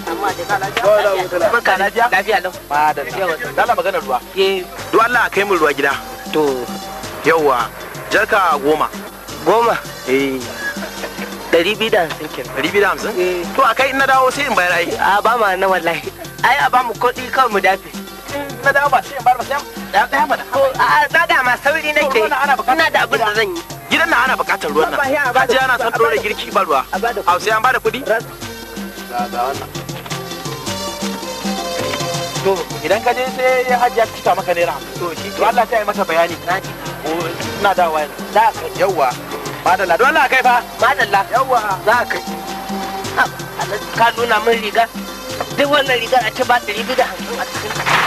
Barka lafiya? Lafiya eh, lau. Duk Allah kai min ruwa gida. To. Yawwa. Jarka goma. Goma? Eh. Dari biyu da hamsin kenan. Dari biyu da hamsin? Eh. To a kai in na dawo sai in bayar ai. A ba ma na wallahi. Ai a ba mu kuɗi kawai mu dafe. Na dawo ba sai in bayar ba sai ɗaya da. A daga ma sauri nake. Ina da abin da zan yi. Gidan na ana buƙatar ruwan nan. Kaji ana son ɗora girki ba ruwa. A sai an ba da kuɗi? wannan. to idan ka je sai ya hajiya ya cika maka naira to shi to Allah ta yi mata bayani na ji ina da wani za ka yawa madalla don Allah kai fa madalla yawa za ka ka nuna min riga duk wannan rigar a ce ba ɗari biyu da hamsin a cikin